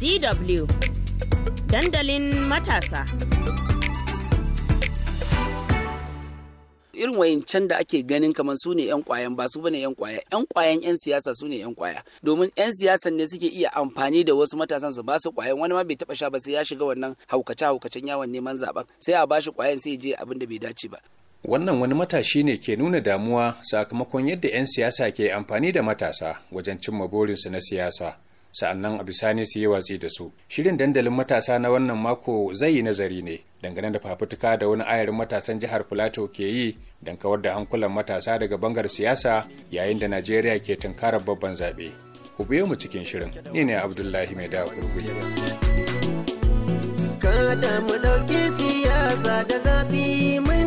DW dandalin matasa. irin wayancan da ake ganin kamar su ne yan kwayan ba su bane yan kwaya yan kwayan yan siyasa su ne yan kwaya domin yan siyasan ne suke iya amfani da wasu matasan su ba su kwayan wani ma bai taba sha ba sai ya shiga wannan haukace haukacen yawon neman zaben sai a bashi kwayan sai je abin da bai dace ba wannan wani matashi ne ke nuna damuwa sakamakon yadda 'yan siyasa ke amfani da matasa wajen cimma burinsu na siyasa sa'annan a bisani su yi watsi da su shirin dandalin matasa na wannan mako zai yi nazari ne dangane da fafutuka da wani ayarin matasan jihar plateau ke yi don kawar da hankulan matasa daga bangar siyasa yayin da najeriya ke tunkarar babban zaɓe ku biyo mu cikin shirin ni ne abdullahi mai da gurguri kada mu ɗauki siyasa da zafi mai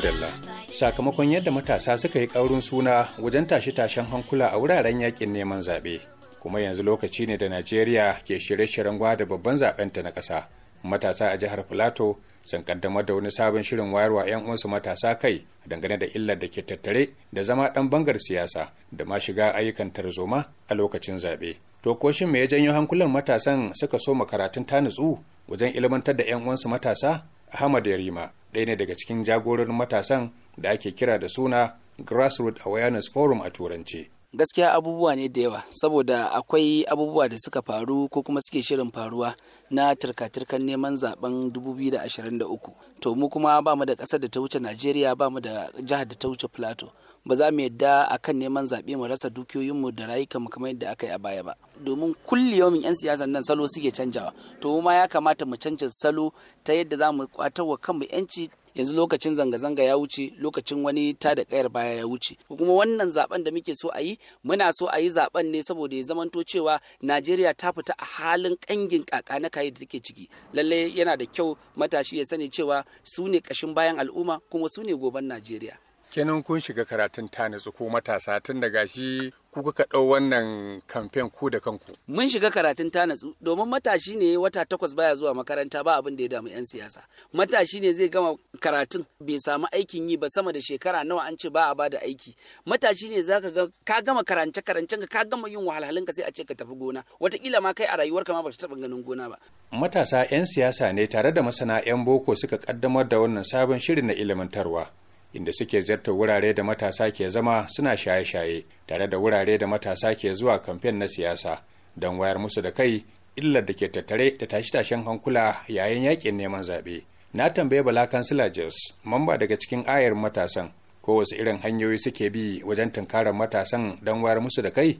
dalla sakamakon yadda matasa suka yi ƙaurin suna wajen tashe-tashen hankula a wuraren yakin neman zaɓe kuma yanzu lokaci ne da najeriya ke shirye-shiryen gwada babban zaɓenta na ƙasa matasa a jihar filato sun kaddamar da wani sabon shirin wayarwa 'yan uwansu matasa kai dangane da illar da ke tattare da zama ɗan bangar siyasa da ma shiga ayyukan tarzoma a lokacin zaɓe to ko shin me ya janyo hankulan matasan suka so ma ta nutsu wajen ilmantar da 'yan uwansu matasa ahmad yarima ɗaya ne daga cikin jagororin matasan da ake kira da suna grassroots awareness forum a turance gaskiya abubuwa ne da yawa saboda akwai abubuwa da suka faru ko kuma suke shirin faruwa na turka-turkan neman zaben 2023 to mu kuma ba mu da ƙasar da ta wuce najeriya ba mu da jihar da ta wuce plateau ba za mu yadda a kan neman zaɓe mu rasa dukiyoyinmu da rayukanmu kamar yadda aka yi a baya ba domin kulle yawon 'yan siyasan nan salo suke canjawa to ma ya kamata mu canja salo ta yadda za mu kwatarwa kanmu 'yanci yanzu lokacin zanga-zanga ya wuce lokacin wani ta da kayar baya ya wuce kuma wannan zaben da muke so a yi muna so a yi zaben ne saboda ya zamanto cewa najeriya ta fita a halin kangin kaka na kayi da take ciki lalle yana da kyau matashi ya sani cewa su ne kashin bayan al'umma kuma su ne goban najeriya kenan kun shiga karatun ta ko matasa tun daga shi ku kuka ɗau wannan kamfen ko da kanku mun shiga karatun tanatsu, domin matashi ne wata takwas baya zuwa makaranta ba abin da ya damu yan siyasa matashi ne zai gama karatun bai samu aikin yi ba sama da shekara nawa an ce ba a bada aiki matashi ne zaka ga ka gama karance karancen ka gama yin wahalhalun ka sai a ce ka tafi gona watakila ma kai a rayuwar ka ma ba ta taɓa ganin gona ba matasa yan siyasa ne tare da masana yan boko suka kaddamar da wannan sabon shirin na ilimantarwa inda suke ziyartar wurare da matasa ke zama suna shaye-shaye tare da wurare da matasa ke zuwa kamfen na siyasa don wayar musu da kai illar da ke tattare da tashe-tashen hankula yayin yakin neman zaɓe. Na tambaye Bala Kansila Jos, mamba daga cikin ayar matasan, ko wasu irin hanyoyi suke bi wajen tunkarar matasan don wayar musu da kai?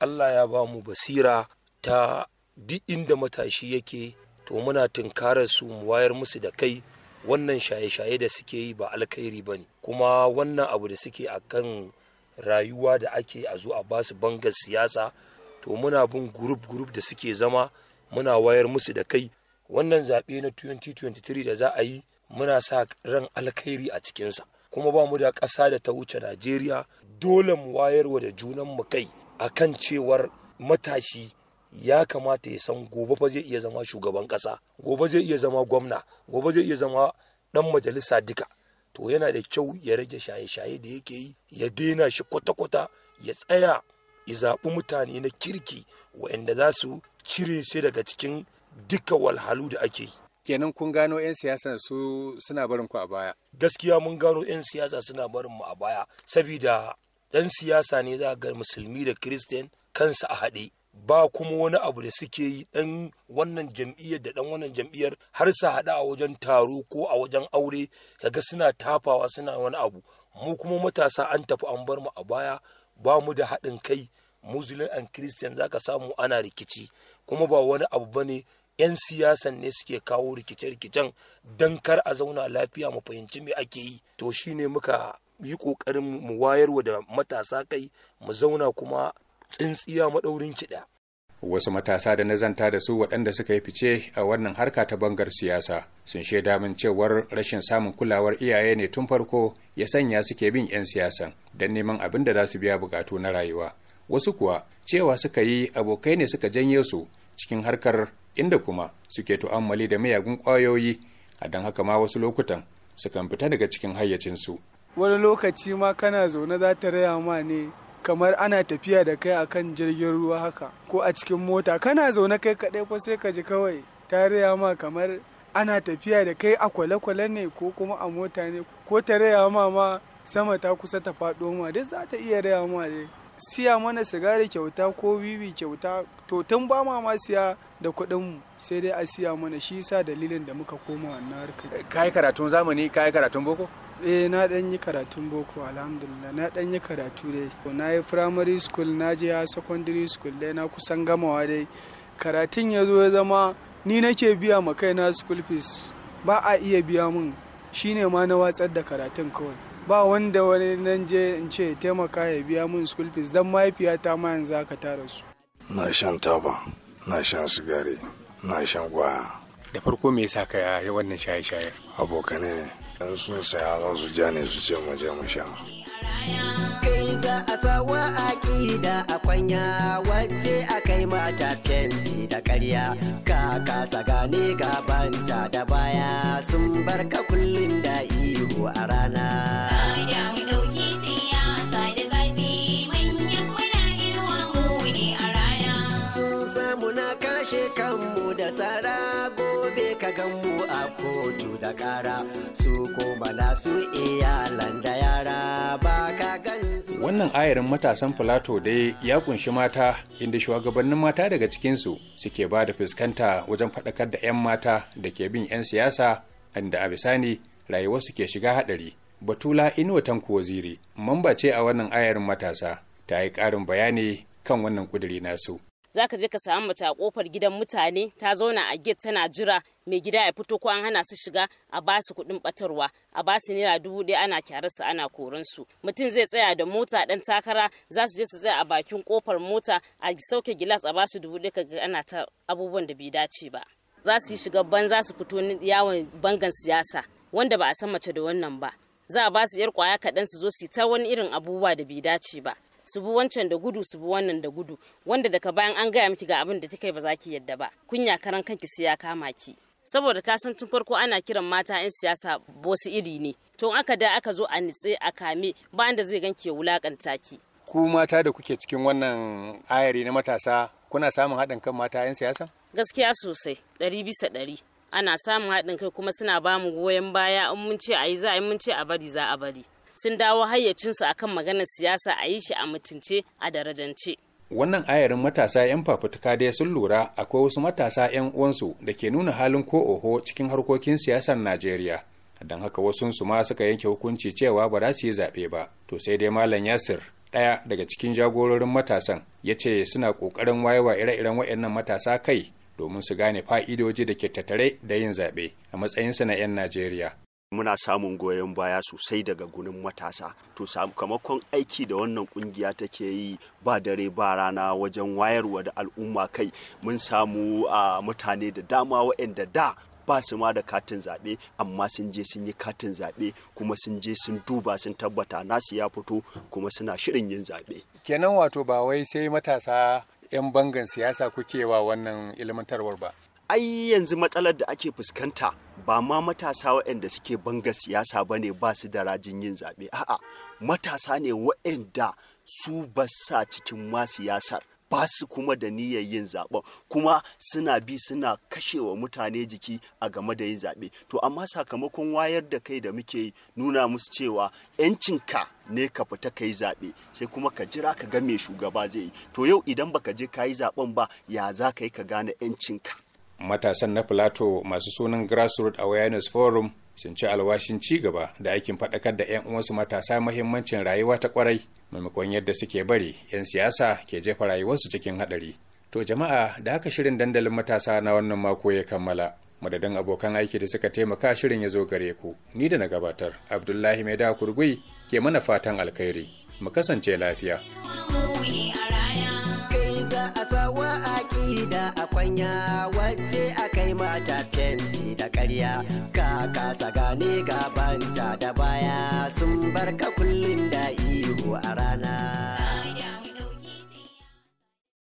Allah ya ba mu basira ta duk inda matashi yake to muna tunkarar su mu wayar musu da kai wannan shaye-shaye da suke yi ba alkhairi ba ne kuma wannan abu da suke a kan rayuwa da ake a zo a basu bangar siyasa to muna bin gurup-gurup da suke zama muna wayar musu da kai wannan zaɓe na 2023 da za a yi muna sa ran alkhairi a cikinsa kuma ba mu da ƙasa da ta wuce najeriya dole mu wayarwa da junan mu kai akan cewar matashi ya kamata ya san gobe fa zai iya zama shugaban kasa gobe zai iya zama gwamna gobe zai iya zama ɗan majalisa duka to yana da kyau ya rage shaye-shaye da yake yi ya daina shi kwata-kwata ya tsaya ya zaɓi mutane na kirki waɗanda za su cire shi daga cikin duka walhalu da ake yi kenan kun gano 'yan siyasa su suna barin ku a baya gaskiya mun gano 'yan siyasa suna barin mu a baya saboda ɗan siyasa ne za ga musulmi da kiristan kansa a haɗe ba kuma wani abu da suke yi dan wannan jam'iyyar da dan wannan jam'iyyar har su haɗu a wajen taro ko a wajen aure kaga suna tafawa suna wani abu mu kuma matasa an tafi an bar mu a baya ba mu da haɗin kai muslim and christian zaka samu ana rikici kuma ba wani abu bane 'yan siyasan ne suke kawo rikice-rikicen dan kar a zauna lafiya mu fahimci me ake yi to shine muka yi ƙoƙarin mu wayarwa da matasa kai mu zauna kuma tsintsiya maɗaurin kiɗa. wasu matasa da nazanta da su waɗanda suka yi fice a wannan harka ta bangar siyasa sun shaida min cewar rashin samun kulawar iyaye ne tun farko ya sanya suke bin 'yan siyasan don neman abin da za su biya bukatu na rayuwa wasu kuwa cewa suka yi abokai ne suka janye su cikin harkar inda kuma suke tu'ammali da miyagun ƙwayoyi a don haka ma wasu lokutan sukan fita daga cikin hayyacinsu wani lokaci ma kana zaune za ta raya ma ne kamar ana tafiya da kai a kan jirgin ruwa haka ko a cikin mota kana zaune kai kaɗai ko sai ka ji kawai tarayya ma kamar ana tafiya da kai a kwale-kwale ne ko kuma a mota ne ko ta ma ma sama ta kusa ta faɗo ma duk za ta iya raya ma dai siya mana sigari kyauta ko wiwi kyauta to tun ba ma ma siya da kuɗin mu sai dai a siya mana shi sa dalilin da muka koma wannan harkar kai karatun zamani kai karatun boko eh na dan yi karatun boko alhamdulillah na dan yi karatu dai na yi primary school na je secondary school dai na kusan gamawa dai karatun ya zo ya zama ni nake biya ma kaina school fees ba a iya biya min shine ma na watsar da karatun kawai ba wanda wani nan je in ce taimaka ya biya min school fees dan mahaifiyata ma yanzu aka tara su na shan taba na shan sigari na shan gwaya da farko me yasa ka yi wannan shaye-shaye abokanai ne in sun saya za su ja ne su ce mu je mu sha kai za a sawa aƙida a kwanya wacce a kai mata fenti da karya ka kasa gane gabanta da baya sun barka kullum da ihu a rana samu na kashe kanmu da sarago kara su kuma na su iyalan da yara ba ka ganin su wannan ayarin matasan filato dai ya kunshi mata inda shugabannin mata daga cikinsu suke ba da fuskanta wajen faɗakar da 'yan mata da ke bin 'yan siyasa inda a bisani rayuwarsu ke shiga haɗari batula inuwa tanko waziri mamba ce a wannan ayarin matasa ta yi ƙarin bayani kan wannan ƙudiri nasu za ka je ka samu mace a kofar gidan mutane ta zauna a gate tana jira mai gida ya fito ko an hana su shiga a ba su kuɗin batarwa a ba su naira dubu ɗaya ana su ana su mutum zai tsaya da mota ɗan takara za su je su tsaya a bakin kofar mota a sauke gilas a ba su dubu ɗaya kaga ana ta abubuwan da bai dace ba za su yi shiga ban za su fito yawon bangan siyasa wanda ba a san mace da wannan ba za a ba su yar kwaya kaɗan su zo su yi ta wani irin abubuwa da bai dace ba su bi wancan da gudu su bi wannan da gudu wanda daga bayan an gaya miki ga abin da kai ba za ki yadda ba kunya karan kanki sai ya kama ki saboda ka san tun farko ana kiran mata 'yan siyasa bosu iri ne to aka da aka zo a nitse a kame ba da zai ganki ya wulakanta ki ku mata da kuke cikin wannan ayari na matasa kuna samun haɗin kan mata 'yan siyasa gaskiya sosai ɗari bisa ɗari ana samun haɗin kai kuma suna bamu goyon baya in mun ce a yi za a yi mun ce a bari za a bari sun dawo hayyacinsu akan maganar siyasa a yi shi a mutunce a darajance. wannan ayarin matasa 'yan fafutuka dai sun lura akwai wasu matasa 'yan uwansu da ke nuna halin ko oho cikin harkokin siyasar najeriya don haka wasunsu ma suka yanke hukunci cewa ba za su yi zaɓe ba to sai dai malam yasir ɗaya daga cikin jagororin matasan ya ce suna ƙoƙarin wayewa ire-iren waɗannan matasa kai domin su gane fa'idoji da ke tattare da yin zaɓe a matsayinsu na 'yan najeriya muna samun goyon baya sosai daga gunin matasa to sakamakon aiki da wannan kungiya take yi ba dare ba rana wajen wayarwa da al'umma kai mun samu a mutane da dama waɗanda da ba su ma da katin zaɓe amma sun je sun yi katin zaɓe kuma sun je sun duba sun tabbata nasu ya fito kuma suna shirin yin zaɓe kenan wato ba wai sai matasa 'yan bangan siyasa kuke wa wannan ilmantarwar ba ai yanzu matsalar da ake fuskanta ba ma matasa waɗanda suke banga siyasa ba ne ba su da rajin yin zaɓe a'a matasa ne waɗanda su ba sa cikin ma siyasar ba su kuma da niyyar yin zaɓen kuma suna bi suna kashewa mutane jiki a game da yin zaɓe to amma sakamakon wayar da kai da muke nuna musu cewa 'yancinka ne ka fita ka yi zaɓe sai kuma ka jira ka ga me shugaba zai yi to yau idan baka je ka yi zaɓen ba ya za ka yi ka gane 'yancinka matasan na filato masu sunan grassroots awareness forum sun ci alwashin ci gaba da aikin faɗakar da 'yan uwansu matasa mahimmancin rayuwa ta kwarai maimakon yadda suke bari 'yan siyasa ke jefa rayuwarsu cikin haɗari to jama'a da haka shirin dandalin matasa na wannan mako ya kammala madadin abokan aiki da suka taimaka shirin ya zo gare ku ni da na gabatar abdullahi mai da kurgui ke mana fatan alkhairi mu kasance lafiya aƙida a kwanya wacce a mata fenti da karya ka kasa gane gabanta da baya sun barka kullum da ihu a rana.